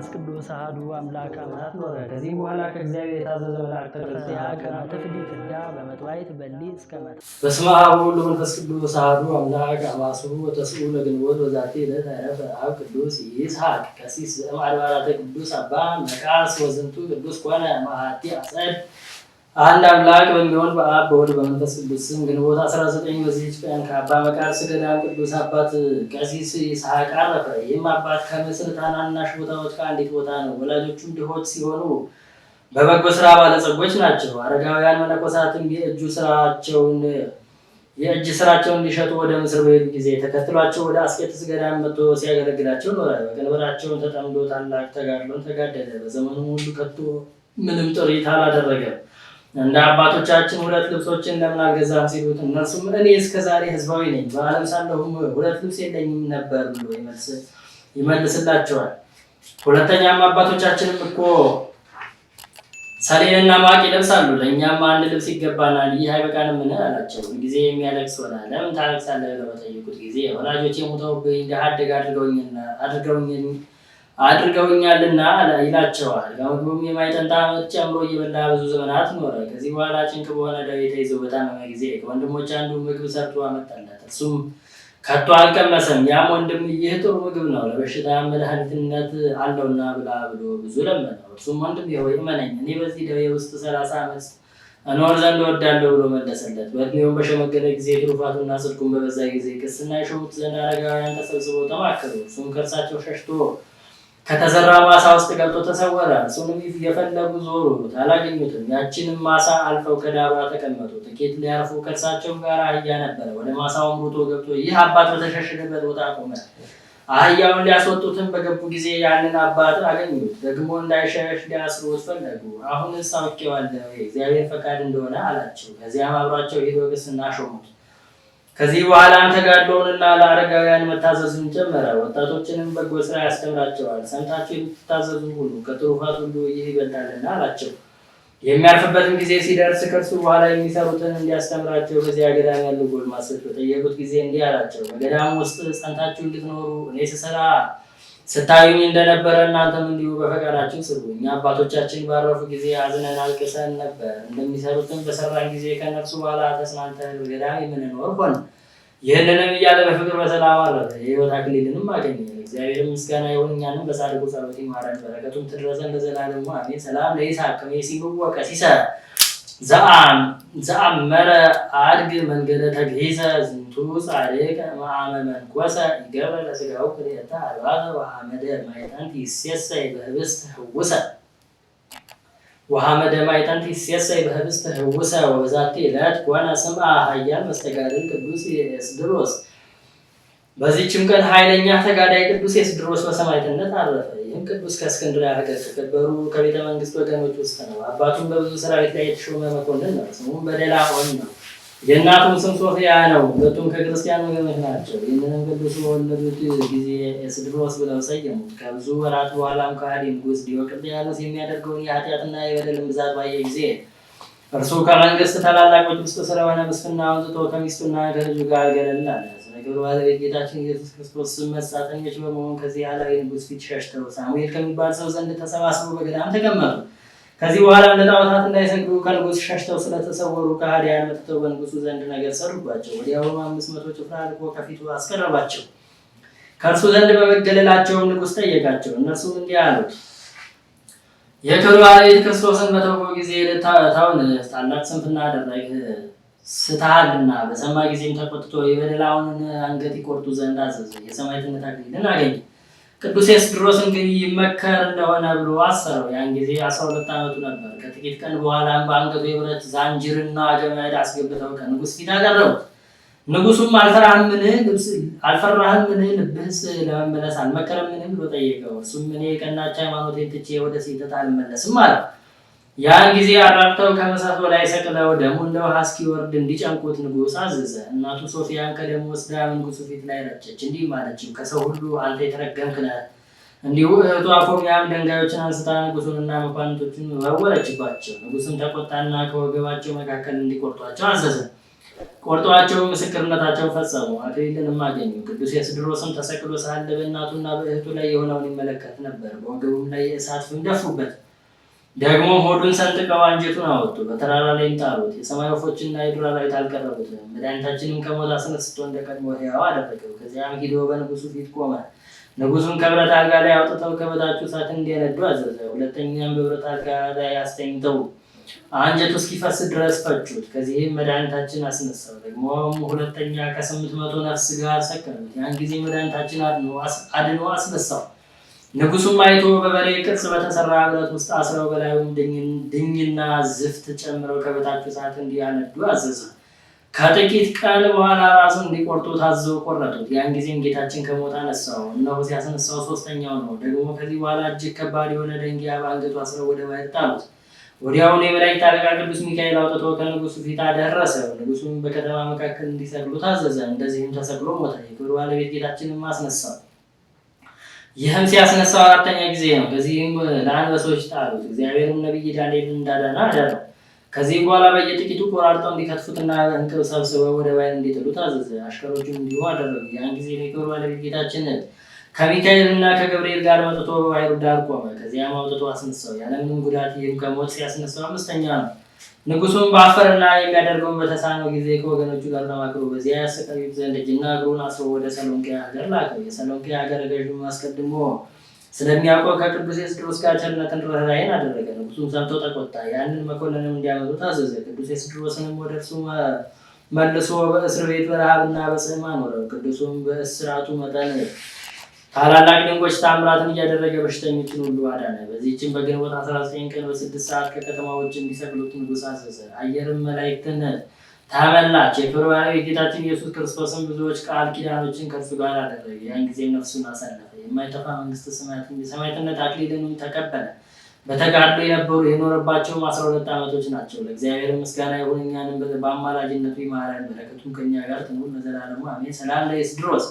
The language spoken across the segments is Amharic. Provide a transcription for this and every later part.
መንፈስ ቅዱስ አህዱ አምላክ አማት ኖረ። ከዚህ በኋላ ከእግዚአብሔር የታዘዘ መልአክ ተገልጽያ ከማተፍዲት ትዳ በመጥዋይት በሊ እስከ መ በስመ አብ ወወልድ ወመንፈስ ቅዱስ አህዱ አምላክ አማስሩ ወተስኡ ለግንቦት ወዛቴ ዕለት ዐረፈ አብ ቅዱስ ይስሐቅ ቀሲስ ዘእም አድባራተ ቅዱስ አባ መቃስ ወዝንቱ ቅዱስ ኮነ ማሃቲ አጸድ አንድ አምላክ በሚሆን በአብ በወልድ በመንፈስ ቅዱስ ስም ግንቦት 19 በዚህች ቀን ከአባ መቃርስ ስገዳ ቅዱስ አባት ቀሲስ ይስሐቅ አረፈ። ይህም አባት ከምስር ታናናሽ ቦታዎች ከአንዲት ቦታ ነው። ወላጆቹም ድሆች ሲሆኑ በበጎ ስራ ባለጸጎች ናቸው። አረጋውያን መነኮሳትም የእጁ ስራቸውን የእጅ ስራቸውን እንዲሸጡ ወደ ምስር በሄዱ ጊዜ ተከትሏቸው ወደ አስቄጥስ ገዳም መጥቶ ሲያገለግላቸው ኖረ። በቀንበራቸውን ተጠምዶ ታላቅ ተጋድሎን ተጋደለ። በዘመኑ ሁሉ ከቶ ምንም ጥሪት አላደረገም። እንደ አባቶቻችን ሁለት ልብሶችን ለምን አልገዛም ሲሉት እነርሱም እኔ እስከዛሬ ህዝባዊ ነኝ፣ በዓለም ሳለሁም ሁለት ልብስ የለኝም ነበር ብሎ ይመልስላቸዋል። ሁለተኛም አባቶቻችንም እኮ ሰሌንና ማቅ ይለብሳሉ፣ ለእኛም አንድ ልብስ ይገባናል፣ ይህ አይበቃን ምን አላቸው። ጊዜ የሚያለቅስ ሆነ። ለምን ታለቅሳለህ ብለው በጠየቁት ጊዜ ወላጆች ሙተውብኝ እንደ አደግ አድርገውኝ አድርገውኛልና ይላቸዋል። ከሁሉም የማይጠንታ ዓመት ጨምሮ እየበላ ብዙ ዘመናት ኖረ። ከዚህ በኋላ ጭንቅ በሆነ ደዌ ተይዞ በታመመ ጊዜ ከወንድሞች አንዱ ምግብ ሰርቶ አመጣለት። እሱም ከቶ አልቀመሰም። ያም ወንድም ይህ ጥሩ ምግብ ነው፣ ለበሽታ መድኃኒትነት አለውና ብላ ብሎ ብዙ ለመነው። እርሱም ወንድም ሆይ እመነኝ፣ እኔ በዚህ ደዌ ውስጥ ሰላሳ ዓመት እኖር ዘንድ እወዳለሁ ብሎ መለሰለት። በዕድሜውም በሸመገለ ጊዜ ትሩፋቱና ስልኩን በበዛ ጊዜ ቅስና የሾሙት ዘንድ አረጋውያን ተሰብስበው ተማከሩ። እሱም ከእርሳቸው ሸሽቶ ከተዘራ ማሳ ውስጥ ገብቶ ተሰወረ። እሱንም የፈለጉ ዞሩ አላገኙትም። ያችንም ማሳ አልፈው ከዳሯ ተቀመጡ። ጥቂት ሊያርፉ ከእርሳቸው ጋር አህያ ነበረ። ወደ ማሳውም ሩጦ ገብቶ ይህ አባት በተሸሸገበት ቦታ ቆመ። አህያውን ሊያስወጡትም በገቡ ጊዜ ያንን አባት አገኙት። ደግሞ እንዳይሸሽ ሊያስሩት ፈለጉ። አሁንስ አውቄዋለሁ፣ የእግዚአብሔር ፈቃድ እንደሆነ አላቸው። ከዚያም አብሯቸው ሄዶ ግስና ሾሙት። ከዚህ በኋላ ተጋድሎውንና ለአረጋውያን መታዘዝን ጀመረ። ወጣቶችንም በጎ ስራ ያስተምራቸዋል። ሰምታችሁ የምትታዘዙ ሁሉ ከትሩፋት ሁሉ ይህ ይበልጣልና አላቸው። የሚያርፍበትም ጊዜ ሲደርስ ከእርሱ በኋላ የሚሰሩትን እንዲያስተምራቸው በዚያ ገዳም ያሉ ጎልማሶች በጠየቁት ጊዜ እንዲህ አላቸው፣ በገዳም ውስጥ ጸንታችሁ እንድትኖሩ እኔ ስሰራ ስታዩኝ እንደነበረ እናንተም እንዲሁ በፈቃዳችን ስሩ። እኛ አባቶቻችን ባረፉ ጊዜ አዝነን አልቅሰን ነበር። እንደሚሰሩትም በሰራን ጊዜ ከነሱ በኋላ ተጽናንተን በገዳም የምንኖር ሆነ። ይህንንም እያለ በፍቅር በሰላም አረፈ። የህይወት አክሊልንም አገኘ። እግዚአብሔር ምስጋና ይሁን። እኛንም በጻድቁ ጸሎት ይማረን፣ በረከቱም ትድረሰን ለዘላለሙ አሜን። ሰላም ለይስሐቅ ሲብወቀ ሲሰ ዘአመረ አድግ መንገደ ተግሂሰ ጻድቅ መዓመ መንኰሰ ይገብር ለሥጋው ክልኤተ አልባሰ ወሐመደ ማዕጠንት ይሴሰይ በኅብስተ ህውሰ ወሐመደ ማዕጠንት ይሴሰይ በኅብስተ ህውሰ ወበዛቲ ዕለት ኮነ ስምዐ ኃያል መስተጋድል ቅዱስ ኤስድሮስ። በዚህችም ቀን ኃይለኛ ተጋዳይ ቅዱስ ኤስድሮስ በሰማዕትነት አረፈ። ይህም ቅዱስ ከእስክንድርያ ሀገር ከከበሩ ከቤተ መንግሥት ወገኖች ውስጥ ነው። አባቱም በብዙ ሰራዊት ላይ የተሾመ መኮንን ነው። ስሙም በደላኦን ነው። የእናቱም ስም ሶፊያ ነው። ሁለቱም ከክርስቲያን ወገኖች ናቸው። ይህንንም ቅዱስ በወለዱት ጊዜ ስድሮስ ብለው ሰየሙ። ከብዙ ወራት በኋላም ከሃዲ ንጉሥ ዲዮቅልጥያኖስ የሚያደርገውን የኃጢአትና የበደልን ብዛት ባየ ጊዜ እርሱ ከመንግስት ታላላቆች ውስጥ ስለሆነ ምስፍና አውጥቶ ከሚስቱና ከልጁ ጋር ገለል አለ። ባለቤት ጌታችን ኢየሱስ ክርስቶስ ስም መጻተኞች በመሆን ከዚህ አላዊ ንጉስ ፊት ሸሽተው ሳሙኤል ከሚባል ሰው ዘንድ ተሰባስበው በገዳም ተቀመጡ። ከዚህ በኋላ እንደ ጣዖታት እንዳይሰግዱ ከንጉስ ሸሽተው ስለተሰወሩ ከሃዲያን መጥተው በንጉሱ ዘንድ ነገር ሰሩባቸው። ወዲያውም አምስት መቶ ጭፍራ ልኮ ከፊቱ አስቀረባቸው። ከእርሱ ዘንድ በመገለላቸውም ንጉስ ጠየቃቸው። እነርሱም እንዲህ አሉት፣ የክብር ባለቤት ክርስቶስን በተወ ጊዜ ታውን ታላቅ ስንፍና አደረግ ስተሃልና በሰማ ጊዜም ተቆጥቶ የበደላውን አንገት ይቆርጡ ዘንድ አዘዘ። የሰማዕትነት አክሊልን አገኘ። ቅዱስ ኤስድሮስ እንግዲህ ይመከር እንደሆነ ብሎ አሰረው። ያን ጊዜ አስራ ሁለት ዓመቱ ነበር። ከጥቂት ቀን በኋላም በአንገቱ የብረት ዛንጅርና ገመድ አስገብተው ከንጉስ ፊት አቀረቡ። ንጉሱም አልፈራህምን? አልፈራህምን? ልብህስ ለመመለስ አልመከረምን? ብሎ ጠየቀው። እርሱም እኔ የቀናች ሃይማኖቴን ትቼ ወደ ስህተት አልመለስም አለው። ያን ጊዜ አራብተው ከመሳት በላይ ሰቅለው ደሙ እንደ ውሃ እስኪወርድ እንዲጨምቁት ንጉሥ አዘዘ። እናቱ ሶፊያን ከደሙ ወስዳ ንጉሱ ፊት ላይ ረጨች፣ እንዲህ ማለችም ከሰው ሁሉ አንተ የተረገምክ ነህ። እንዲሁ እህቱ አፎሚያም ድንጋዮችን አንስታ ንጉሱንና መኳንንቶቹን ወረወረችባቸው። ንጉስም ተቆጣና ከወገባቸው መካከል እንዲቆርጧቸው አዘዘ። ቆርጧቸው ምስክርነታቸው ፈጸሙ፣ አክሊልንም አገኙ። ቅዱስ የስድሮስም ተሰቅሎ ሳለ በእናቱና በእህቱ ላይ የሆነውን ይመለከት ነበር። በወገቡም ላይ የእሳት ፍም ደፉበት። ደግሞ ሆዱን ሰንጥቀው አንጀቱን አወጡ፣ በተራራ ላይም ጣሉት። የሰማይ ወፎችና የዱር አራዊት አልቀረቡትም። መድኃኒታችንም ከሞት አስነስቶ እንደ ቀድሞ ሕያው አደረገው። ከዚያም ሂዶ በንጉሱ ፊት ቆመ። ንጉሱን ከብረት አልጋ ላይ አውጥተው ከበታቹ እሳት እንዲያነዱ አዘዘ። ሁለተኛም በብረት አልጋ ላይ አስተኝተው አንጀቱ እስኪፈስ ድረስ ፈጩት። ከዚህም መድኃኒታችን አስነሳው። ደግሞም ሁለተኛ ከስምንት መቶ ነፍስ ጋር ሰቀሉት። ያን ጊዜ መድኃኒታችን አድኖ አስነሳው። ንጉሱም አይቶ በበሬ ቅርጽ በተሰራ ብረት ውስጥ አስረው በላዩም ድኝና ዝፍት ጨምረው ከበታች እሳት እንዲያነዱ አዘዘ። ከጥቂት ቀን በኋላ ራሱን እንዲቆርጡ ታዘው ቆረጡት። ያን ጊዜም ጌታችን ከሞት አነሳው። እነሆ ሲያስነሳው ሶስተኛው ነው። ደግሞ ከዚህ በኋላ እጅግ ከባድ የሆነ ደንጊያ በአንገቱ አስረው ወደ ባሕር ጣሉት። ወዲያውኑ የመላእክት አለቃ ቅዱስ ሚካኤል አውጥቶ ከንጉሱ ፊት አደረሰ። ንጉሱም በከተማ መካከል እንዲሰቅሉ ታዘዘ። እንደዚህም ተሰቅሎ ሞተ። የክብር ባለቤት ጌታችንም አስነሳው። ይህም ሲያስነሳው አራተኛ ጊዜ ነው። ከዚህም ለአንበሶች ጣሉት። እግዚአብሔርም ነቢይ ዳንኤልን እንዳዳነ አዳነ። ከዚህ በኋላ በየጥቂቱ ቆራርጠው እንዲከትፉትና እንቅብ ሰብስበው ወደ ባሕር እንዲጥሉት አዘዘ። አሽከሮቹም እንዲሁ አደረጉ። ያን ጊዜ ሚካኤል ባለቤት ጌታችን ከሚካኤል ከሚካኤልና ከገብርኤል ጋር መጥቶ በባሕሩ ዳር ቆመ። ከዚያም አውጥቶ አስነሳው። ያለምንም ጉዳት። ይህም ከሞት ሲያስነሳው አምስተኛ ነው። ንጉሱም በአፈርና የሚያደርገውን በተሳነው ጊዜ ከወገኖቹ ጋር ተማክሮ በዚያ ያሰቃዩት ዘንድ እጅና እግሩን አስሮ ወደ ሰሎንቄ ሀገር ላከው። የሰሎንቄ ሀገር ገዥም አስቀድሞ ስለሚያውቀው ከቅዱስ ኤስድሮስ ጋር ቸርነትን ርኅራኄን አደረገ። ንጉሱም ሰምቶ ተቆጣ። ያንን መኮንንም እንዲያመጡ ታዘዘ። ቅዱስ ኤስድሮስንም ወደ እርሱ መልሶ በእስር ቤት በረሃብና በጽሕም አኖረው። ቅዱሱም በእስራቱ መጠን ታላላቅ ድንቆች ታምራትን እያደረገ በሽተኞችን ሁሉ አዳነ። በዚህችን በግንቦት 19 ቀን በስድስት ሰዓት ከከተማ ውጭ እንዲሰቅሉት ንጉሥ አዘዘ። አየርም መላእክትን ተመላች። የፍርባዊ ጌታችን ኢየሱስ ክርስቶስን ብዙዎች ቃል ኪዳኖችን ከእርሱ ጋር አደረገ። ያን ጊዜ ነፍሱን አሳለፈ። የማይጠፋ መንግስት የሰማይትነት አክሊልንም ተቀበለ። በተጋድሎ የነበሩ የኖረባቸውም አስራ ሁለት ዓመቶች ናቸው። ለእግዚአብሔር ምስጋና ይሁን፣ እኛንም በአማላጅነቱ ይማረን፣ በረከቱም ከኛ ጋር ትኑር ለዘላለሙ አሜን። ሰላም ለእስድሮስ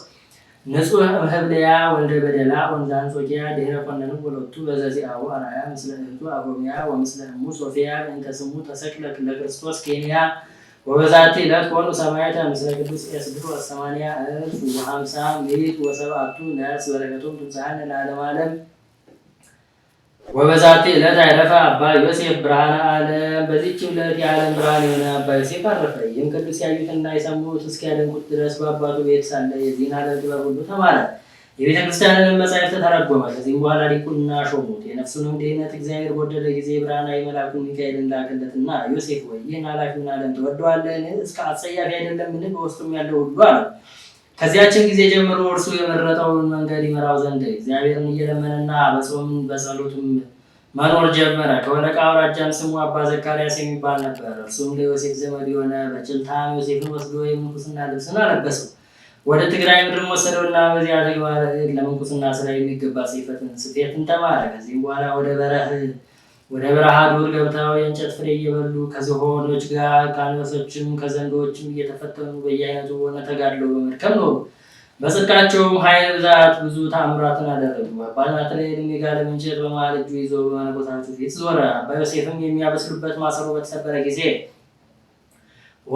ንጹህ እምህብልያ ወልደ በደላ ወንደ አንጾኪያ ድኅረ ኮነኑ ወሎቱ በዘዚአው አርአያ ምስለ እህቱ አጎብያ ወምስለ እሙ ሶፊያ እንተ ስሙ ተሰቅለ ለክርስቶስ ኬንያ ወበዛቲ ዕለት ኮኑ ሰማዕተ ምስለ ቅዱስ ኤስድሮስ ሰማንያ እልፍ ወሀምሳ ምዕት ወሰብአቱ ነፍስ በረከቶም ትብዛሐነ ለዓለመ ዓለም ወበዛቲ ዕለት አረፈ አባ ዮሴፍ ብርሃነ ዓለም። በዚች ዕለት የዓለም ብርሃን የሆነ አባ ዮሴፍ አረፈ። ይህም ቅዱስ ያዩትና የሰሙት እስኪያደንቁት ድረስ በአባቱ ቤት ሳለ የዚህን ዓለም ጥበብ ሁሉ ተማረ። የቤተ ክርስቲያንንም መጻሕፍት ተተረጎመ። ከዚህም በኋላ ዲቁና ሾሙት። የነፍሱንም ድህነት እግዚአብሔር በወደደ ጊዜ ብርሃናዊ መልአኩን ሚካኤልን ላከለትና ዮሴፍ ወይ ይህን ኃላፊውን ዓለም ትወደዋለህን? እስከ አጸያፊ አይደለምን? በውስጡም ያለው ሁሉ አለው ከዚያችን ጊዜ ጀምሮ እርሱ የመረጠውን መንገድ ይመራው ዘንድ እግዚአብሔርን እየለመነና በጾም በጸሎቱም መኖር ጀመረ። ከወለቃ አውራጃም ስሙ አባ ዘካርያስ የሚባል ነበር። እርሱም ለዮሴፍ ዘመድ የሆነ በጭልታ ዮሴፍን ወስዶ የምንኩስና ልብስን አለበሰው። ወደ ትግራይ ምድር ወሰደውና በዚያ ተግባር ለምንኩስና ስራ የሚገባ ስፌትን ተማረ። ከዚህም በኋላ ወደ በረህ ወደ በረሃ ዱር ገብተው የእንጨት ፍሬ እየበሉ ከዝሆኖች ጋር ከአንበሶችም ከዘንዶችም እየተፈተኑ በየአይነቱ ሆነ ተጋድሎ በመድከም ነው። በጽድቃቸውም ኃይል ብዛት ብዙ ታምራትን አደረጉ። አባ ናትናኤልም የጋለም እንጨት በመሃል እጁ ይዞ በመነኮሳቱ ፊት ዞረ። አባ ዮሴፍም የሚያበስሉበት ማሰሮ በተሰበረ ጊዜ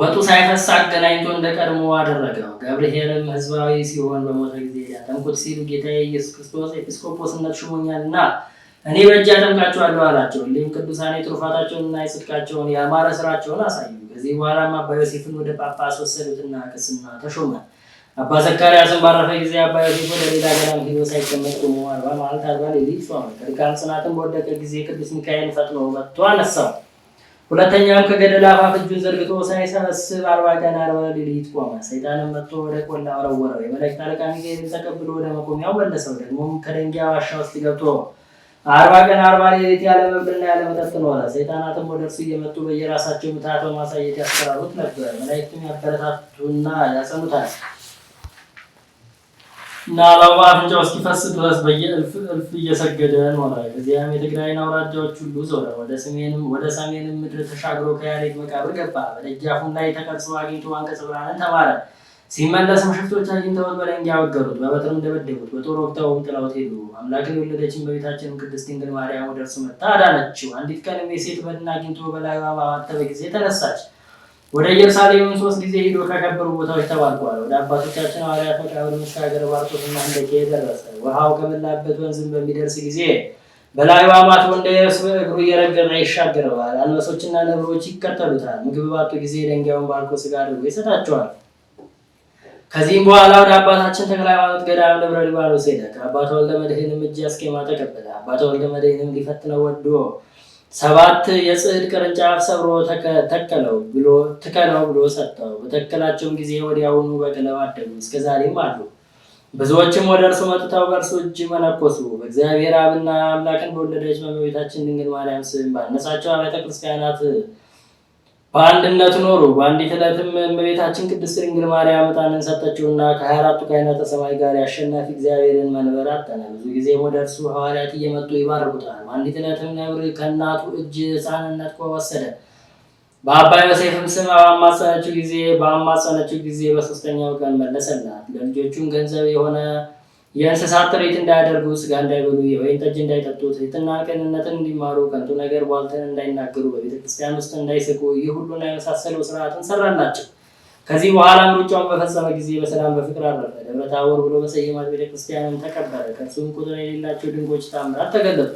ወጡ ሳይፈስ አገናኝቶ እንደ ቀድሞ አደረገው። ገብርሄልም ህዝባዊ ሲሆን በሞተ ጊዜ ያጠምቁት ሲሉ ጌታ ኢየሱስ ክርስቶስ ኤጲስቆጶስነት ሹሞኛልና እኔ በእጅ አደምቃቸዋለሁ አላቸው። እንዲሁም ቅዱሳን የትሩፋታቸውንና የጽድቃቸውን የአማረ ስራቸውን አሳዩ። ከዚህ በኋላም አባ ዮሴፍን ወደ ጳጳስ ወሰዱትና ቅስና ተሾመ። አባ ዘካርያስን ባረፈ ጊዜ አባ ዮሴፍ ወደ ሌላ ገዳም ሄዶ ሳይቀመጥ ቆሞ አርባ ማለት አርባ ሌሊት ጾመ። ከድካም ጽናትን በወደቀ ጊዜ ቅዱስ ሚካኤል ፈጥኖ መጥቶ አነሳው። ሁለተኛም ከገደል አፋፍ እጁን ዘርግቶ ሳይሰበስብ አርባ ቀን አርባ ሌሊት ቆመ። ሰይጣንም መጥቶ ወደ ቆላ ወረወረው። የመላእክት አለቃ ሚካኤልን ተቀብሎ ወደ መቆሚያው መለሰው። ደግሞም ከደንጊያ ዋሻ ውስጥ ገብቶ አርባ ቀን አርባ ሌሊት ያለ መብልና ያለ መጠጥ ኖረ። ሰይጣናትም ወደ እርሱ እየመጡ በየራሳቸው ምትሃት በማሳየት ያስፈራሩት ነበር። መላእክትም ያበረታቱና ያጸኑታል እና ላባ አፍንጫው እስኪፈስ ድረስ በየእልፍ እልፍ እየሰገደ ኖረ። ከዚያም የትግራይን አውራጃዎች ሁሉ ዞረ። ወደ ሰሜንም ወደ ሰሜንም ምድር ተሻግሮ ከያሬድ መቃብር ገባ። በደጃፉም ላይ ተቀርጾ አግኝቶ አንቀጸ ብርሃንን ተማረ። ሲመለስ ሽፍቶች አግኝተውት በደንጊያ ያወገሩት፣ በበትርም ደበደቡት። በጦር ወቅተውም ጥለውት ሄዱ። አምላክን የወለደች በቤታችን ቅድስት ድንግል ማርያም ወደ እርሱ መጥታ አዳነችው። አንዲት ቀንም የሴት በድን አግኝቶ በላይዋ ባማተበ ጊዜ ተነሳች። ወደ ኢየሩሳሌም ሶስት ጊዜ ሄዶ ከከበሩ ቦታዎች ተባርከዋል። ወደ አባቶቻችን ሐዋርያት መቃብር መሻገር ባርጦስና ህንደኬ ደረሰ። ውሃው ከመላበት ወንዝም በሚደርስ ጊዜ በላዩ አማቶ እንደ የብስ እግሩ እየረገመ ይሻገረዋል። አንበሶችና ነብሮች ይከተሉታል። ምግብ ባጡ ጊዜ ደንጊያውን ባርኮ ስጋ አድርጎ ይሰጣቸዋል። ከዚህም በኋላ ወደ አባታችን ተክለ ሃይማኖት ገዳም ደብረ ሊባኖስ ሄደ። ከአባተ ወልደ መድህንም እጅ አስኬማ ተቀበለ። አባተ ወልደ መድህንም ሊፈትነው ወዶ ሰባት የጽህድ ቅርንጫፍ ሰብሮ ተከለው ብሎ ትከለው ብሎ ሰጠው። በተከላቸውም ጊዜ ወዲያውኑ በቅለው አደጉ፣ እስከዛሬም አሉ። ብዙዎችም ወደ እርሱ መጥተው በእርሱ እጅ መነኮሱ። በእግዚአብሔር አብና አምላክን በወለደች በእመቤታችን ድንግል ማርያም ስም ባነሳቸው አብያተ ክርስቲያናት በአንድነት ኖሩ። በአንዲት ዕለትም እመቤታችን ቅድስት ድንግል ማርያም ዕጣንን ሰጠችውና ከሀያ አራቱ ካህናተ ሰማይ ጋር የአሸናፊ እግዚአብሔርን መንበር አጠነ። ብዙ ጊዜ ወደ እርሱ ሐዋርያት እየመጡ ይባርኩታል። በአንዲት ዕለትም ነብር ከእናቱ እጅ ሕፃንን ነጥቆ ወሰደ። በአባ ዮሴፍም ስም በአማጸነችው ጊዜ በአማጸነችው ጊዜ በሶስተኛው ቀን መለሰላት። ለልጆቹም ገንዘብ የሆነ የእንስሳት ትርኢት እንዳያደርጉ፣ ስጋ እንዳይበሉ፣ የወይን ጠጅ እንዳይጠጡ፣ ትሕትና ቅንነትን እንዲማሩ፣ ከንቱ ነገር ቧልትን እንዳይናገሩ፣ በቤተ ክርስቲያን ውስጥ እንዳይስቁ፣ ይህ ሁሉና የመሳሰለው ስርዓትን ሰራላቸው። ከዚህ በኋላ ምርጫውን በፈጸመ ጊዜ በሰላም በፍቅር አረፈ። ደብረ ታቦር ብሎ በሰየማት ቤተ ክርስቲያንም ተቀበረ። ከእርሱም ቁጥር የሌላቸው ድንቆች ታምራት ተገለጡ።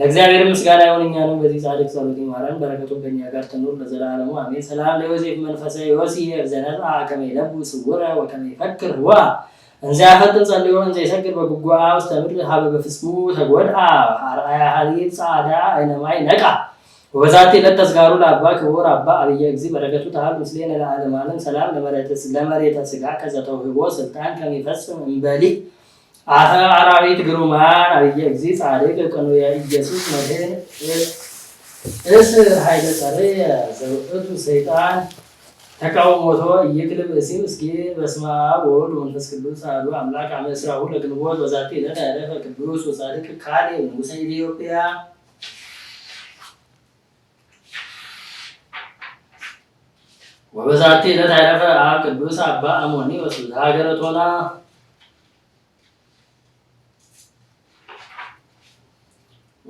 ለእግዚአብሔር ምስጋና ይሁን፣ እኛንም በዚህ ጻድቅ ጸሎት ይማረን፣ በረከቱ በእኛ ጋር ትኑር ለዘላለሙ አሜን። ሰላም ለዮሴፍ መንፈሰ ዮሲ ዘነጣ ከመይ ለቡ ስውረ ወከመይ ፈክር ዋ እንዘ ያፈጥን ጸልዮ እንዘ ይሰግድ በጉጓ ውስተ ምድር ሀበ በፍስሙ ተጎድአ አርአያ ሀሊል ጻዳ አይነማይ ነቃ ወበዛቲ ለተስጋሩ ለአባ ክቡር አባ አብየ እግዚእ በረከቱ ተሀብ ምስሌነ ለዓለመ ዓለም ሰላም ለመሬተ ከዘተው ከዘተውህቦ ስልጣን ከሚፈጽም እንበሊ አፈ አራዊት ግሩማን አብየ እግዚእ ጻድቅ ቅኑየ ኢየሱስ መድኅን እስ ኃይለ ጸርየ ዘውእቱ ሰይጣን ተቃውሞቶ እይክልብ እሲብ እስኪ በስመ አብ ወወልድ ወመንፈስ ቅዱስ አሐዱ አምላክ አመ እስራሁ ለግንቦት በዛቲ ዕለት አረፈ ቅዱስ ወጻድቅ ካልዕ ንጉሠ ኢትዮጵያ። ወበዛቲ ዕለት አረፈ አብ ቅዱስ አባ አሞኒ ወስብሐ ሀገረ ቶላ።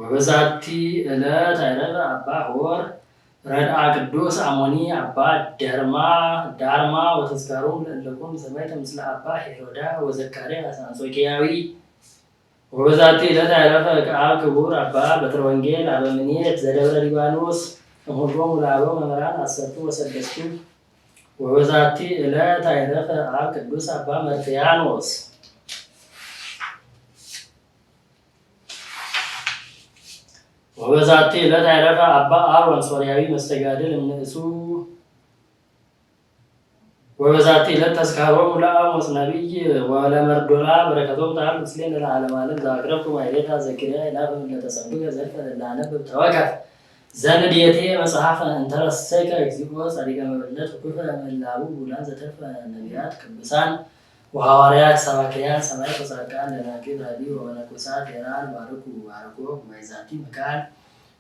ወበዛቲ ዕለት አረፈ አባ ሆር ረድአ ቅዱስ አሞኒ አባ ዳርማ ዳርማ ወተዝካሩ ለለኩም ሰማይተ ምስለ አባ ሄሮዳ ወዘካሪ አሳንሶኪያዊ! ወበዛቲ ዕለት አረፈ ከአብ ክቡር አባ በትረ ወንጌል አበምኔት ዘደብረ ሊባኖስ እምሁሎሙ ለአበው መምህራን አሰርቱ ወሰደስቱ ወበዛቲ ዕለት አረፈ አብ ቅዱስ አባ መርትያኖስ وبذاتي لا تعرف أبا أرون سوريابي مستجادل من إسو وبذاتي لا تسكارون ولا أموس نبي ولا مردولا بركتهم تعال مسلين إلى عالم عالم ذاكرتهم عيدتها ذكرها إلى أبو من تسمعها زلفة اللعنة بتوقف زن ديتي مصحفة أن ترى السيكا يكسبوها صديقة مبنت وكفة من اللعبو بولان زتفة نبيات كبسان وحواريات سماكيان سمايك وصدقان لنا كده دي وانا كسات يران باركو باركو ميزاتي مكان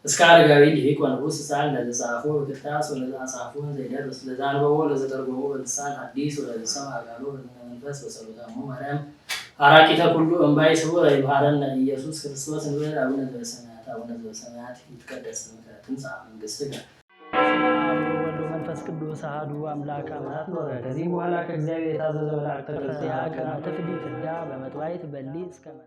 እስከ አረጋዊ ሊቅ ወንጉስ ሳል ለተጻፎ በክርታስ ወለተጻፎ ዘይደርስ ለዛንበቦ ለዘጠርጎቦ በልሳን አዲስ ወለተሰብ አጋሎ ለመንፈስ በጸሎታሙ ማርያም አራቂተ ኩሉ እምባይ ስቡ ይባረነ ኢየሱስ ክርስቶስ እንበል። አቡነ ዘበሰማያት አቡነ ዘበሰማያት ይትቀደስ ስምከ ትምጻእ መንግስትከ መንፈስ ቅዱስ አሐዱ አምላክ አማት ኖረ። ከዚህ በኋላ ከእግዚአብሔር የታዘዘ መልአክ ተቀርጽያ ከናተፍዲ ትዳ በመጥዋይት በሊ እስከመ